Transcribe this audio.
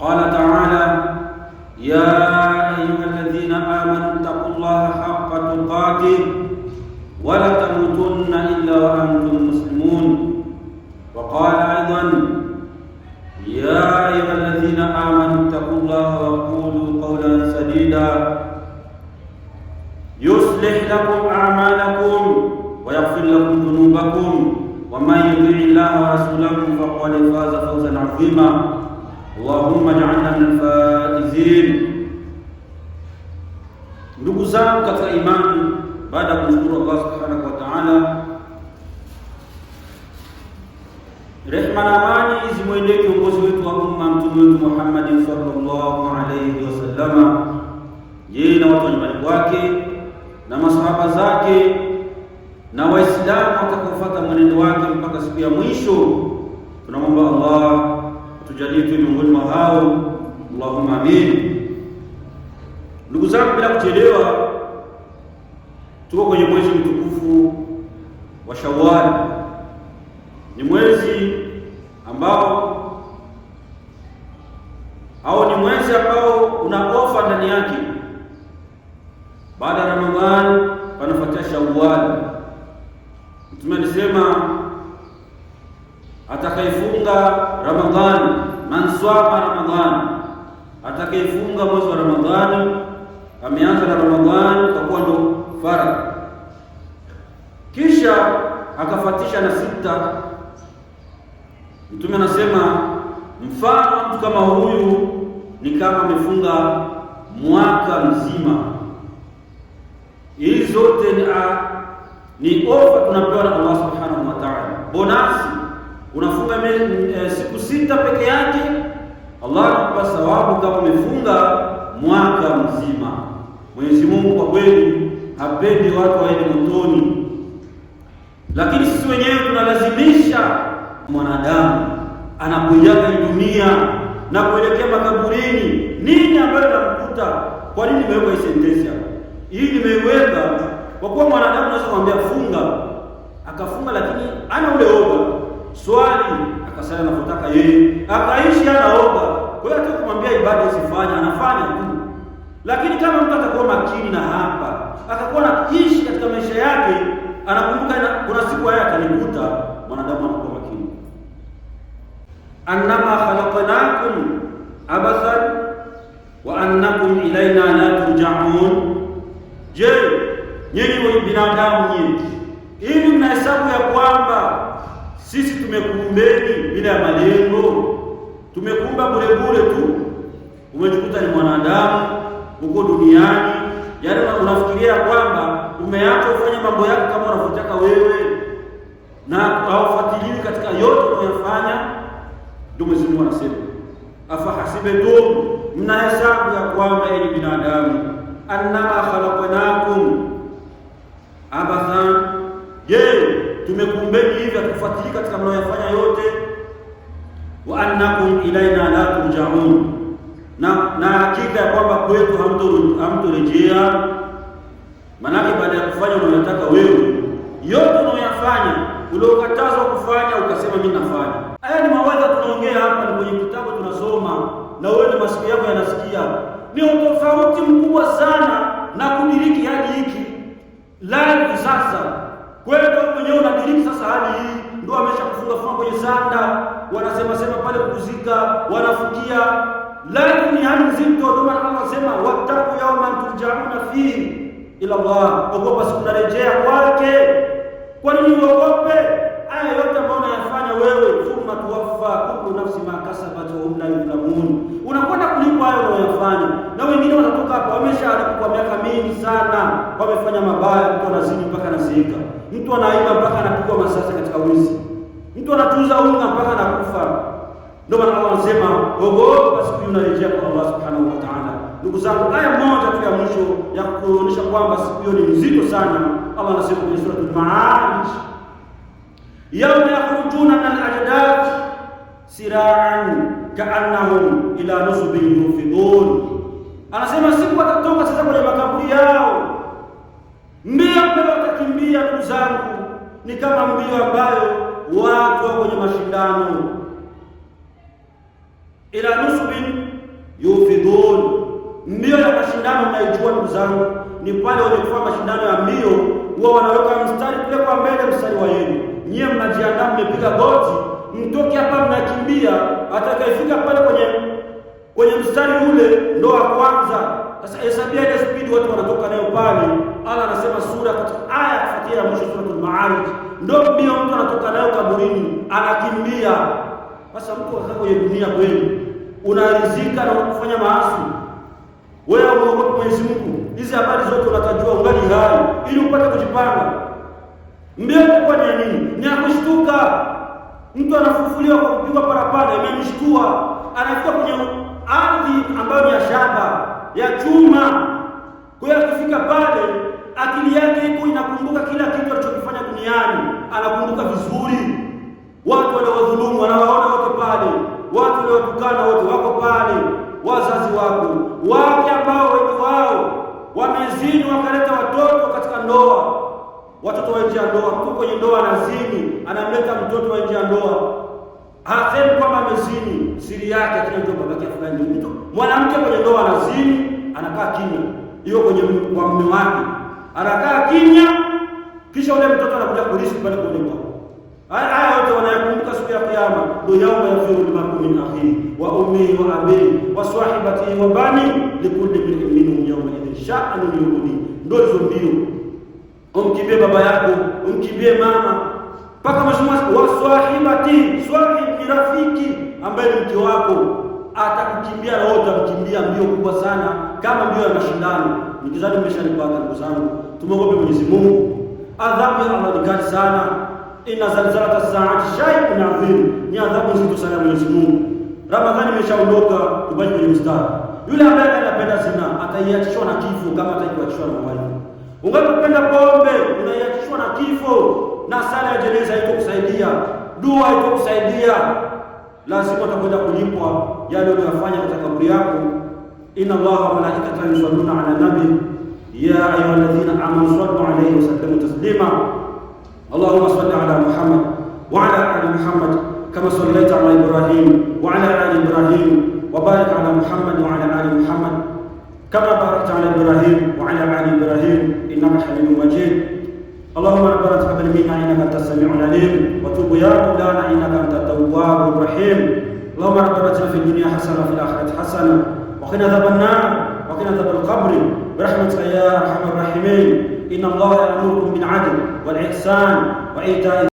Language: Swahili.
قال تعالى يا أيها الذين آمنوا اتقوا الله حق تقاته ولا تموتن إلا وأنتم مسلمون وقال أيضا يا أيها الذين آمنوا اتقوا الله وقولوا قولا سديدا يصلح لكم أعمالكم ويغفر لكم ذنوبكم ومن يطع الله ورسوله فقد فاز فوزا عظيما katika imani baada ya kumshukuru Allah subhanahu wa ta'ala, rehma na amani zimwendee kiongozi wetu wa umma mtume wetu Muhammad sallallahu alayhi wasallam, yeye na watu wa nyumbani kwake na masahaba zake na Waislamu watakaofuata mwenendo wake mpaka siku ya mwisho. Tunamwomba Allah atujalie tu miongoni mwa hao, Allahumma amin. Ndugu zangu, bila kuchelewa Tuko kwenye mwezi mtukufu wa Shawwal, ni mwezi ambao au ni mwezi ambao una ofa ndani yake. Baada ya Ramadhan panafuatia Shawwal. Mtume alisema atakayefunga Ramadhani, man swama Ramadhani, atakayefunga mwezi wa Ramadhani, ameanza na Ramadhani kwa kuwa ndo faradhi, kisha akafatisha na sita. Mtume anasema mfano mtu kama huyu ni kama amefunga mwaka mzima. Hizi zote ni, ah, ni ofa tunapewa na Allah subhanahu wa ta'ala, bonasi. Unafunga e, siku sita peke yake, Allah anakupa thawabu kama umefunga mwaka mzima. Mwenyezi Mungu kwa kweli hampendi watu waende motoni, lakini sisi wenyewe tunalazimisha mwanadamu anapoiaga dunia na kuelekea makaburini. Nini ambayo namkuta? Kwa nini nimeweka hii sentensi hapa? Hii nimeiweka kwa kuwa mwanadamu anaweza kumwambia funga, akafunga, lakini ana ule oga, swali akasali anapotaka yeye, akaishi ana oga. Kwa hiyo hata kumwambia ibada usifanye, anafanya tu lakini kama mtu atakuwa makini na hapa, atakuwa na katika maisha yake, anakumbuka kuna siku haya atanikuta mwanadamu anakuwa makini. Annama khalaqnakum abathan wa annakum ilaina la turja'un. Je, nyinyi ni binadamu nyinyi hivi mnahesabu ya kwamba sisi tumekuumbeni bila ya malengo? Tumekuumba bure bure tu, umejikuta ni mwanadamu huko duniani. Yaani unafikiria kwamba umeacha kufanya mambo yako kama unavyotaka wewe na hawafuatiliwi katika yote unayofanya. Ndio Mwenyezi Mungu anasema afahasibetum, mnahesabu ya kwamba eni binadamu annama khalaqnakum abathan, je, tumekumbeni hivi hatukufuatilii katika mnayoyafanya yote, wa annakum ilaina la turjaun na na hakika ya kwamba kwetu hamtorejea. Maanake baada ya kufanya unayotaka wewe, yote unayofanya uliokatazwa kufanya ukasema mimi nafanya. Haya ni mawaidha tunaongea hapa, ni kwenye kitabu tunasoma, na wewe ni masikio yako yanasikia. Ni utofauti mkubwa sana na kudiriki hali hiki live sasa. Kwetu mwenyewe unadiriki sasa hali hii ndio ameshakufunga funga kwenye sanda, wanasema sema pale kuzika, wanafukia lakini ni hali nzito, ndio maana anasema wattaqu yawman turja'una fihi ila Allah, ogopa siku narejea kwake. Kwa nini uogope? Haya yote ambayo unayafanya wewe, thumma tuwaffa kullu nafsi ma kasabat wa hum la yuzlamun, unakwenda kulipwa hayo unayofanya. Na wengine wanatoka hapo wameshaharibu kwa miaka mingi sana, wamefanya mabaya, mtu anazini mpaka anazeeka, mtu anaiba mpaka anapigwa masasi katika wizi, mtu anatuza unga mpaka anakufa ndio maana Allah anasema ogopa siku unarejea kwa Allah subhanahu wa ta'ala. Ndugu zangu, aya moja tu ya mwisho ya kuonyesha kwamba siku hiyo ni mzito sana. Allah anasema kwenye sura Al-Maarij, yawma yakhrujuna min al ajdad sira'an ka'annahum ila nusbin yufidun. anasema siku watatoka sasa kwenye makaburi yao mbio ambayo watakimbia. Ndugu zangu, ni kama mbio ambayo watu wa kwenye mashindano ila nusbin yufidhun. Mbio ya mashindano naijua ndugu zangu, ni pale wenye kufanya mashindano ya mbio huwa wanaweka mstari kule kwa mbele, mstari wa yenu nyie, mnajiandaa mmepiga goti, mtoke hapa mnakimbia, atakayefika pale kwenye kwenye mstari ule ndo wa kwanza. Sasa hesabia ile speed watu wanatoka nayo pale. Allah anasema sura katika aya ya fatia ya mwisho, suratul Maarij, ndo mbio mtu anatoka nayo kaburini, anakimbia sasa mtu wa kwenye dunia kweli unarizika na kufanya maasi, wewe unaogopa Mwenyezi Mungu. Hizi habari zote unatajua ungali hai, ili upate kujipanga. Mbekuwa ni nini? Ni akushtuka. Mtu anafufuliwa kwa kupigwa parapanda, imemshtua, anafika kwenye ardhi ambayo ni ya shaba ya chuma. Kwa hiyo akifika pale, akili yake ipo inakumbuka kila kitu alichokifanya duniani, anakumbuka vizuri watu wanawadhulumu wanawaona wote pale, watu wanaotukana wote wako pale, wazazi wako, wake ambao wengi wao wamezini wakaleta watoto katika ndoa, watoto wa nje ya ndoa. Mtu kwenye ndoa anazini, anamleta mtoto wa nje ya ndoa, hasemi kwamba amezini, siri yake akina mtu babake fulani mtu. Mwanamke kwenye ndoa anazini, anakaa kimya, hiyo kwenye kwa mume wake anakaa kimya, kisha ule mtoto anakuja kulisi pale kwenye ndoa Haya yote wanayakumbuka siku ya Kiyama, ndio yauma yafiru lmaru min akhihi wa ummihi wa abihi wa sahibatihi wa bani likulli mri'in minhum yawma idhin sha'nun yughnihi. Ndio hizo mbio, umkimbie baba yako, umkimbie mama, mpaka mheshimiwa. Wasahibati, swahib ni rafiki ambaye ni mke wako, atakukimbia na wote amkimbia. Mbio kubwa sana, kama mbio ya mashindano. Nikizani mmeshanipata ndugu zangu, tumwogope Mwenyezi Mungu. Adhabu ya Allah ni kali sana inna zalzalata saati shay'un adhim, ni adhabu nzito sana Mwenyezi Mungu. Ramadhani imeshaondoka, tubaki kwenye mstari. Yule ambaye anapenda zina ataiachishwa na kifo, kama atakiachishwa na wali. Ungependa pombe, unaiachishwa na kifo, na sala ya jeneza iko kusaidia, dua iko kusaidia, lazima utakwenda kulipwa yale uliyofanya katika kaburi yako. inna Allaha wa malaikatahu yusalluna ala nabi ya ayyuhalladhina amanu sallu alayhi wa sallimu taslima اللهم صل على محمد وعلى ال محمد كما صليت على ابراهيم وعلى ال ابراهيم وبارك على محمد وعلى ال محمد كما باركت على ابراهيم وعلى ال ابراهيم انك حميد مجيد اللهم ربنا تقبل منا انك انت السميع العليم وتوب يا مولانا انك انت التواب الرحيم اللهم ربنا اتنا في الدنيا حسنه وفي الاخره حسنه وقنا عذاب النار وقنا عذاب القبر برحمتك يا ارحم الراحمين إن الله يأمركم بالعدل والإحسان وإيتاء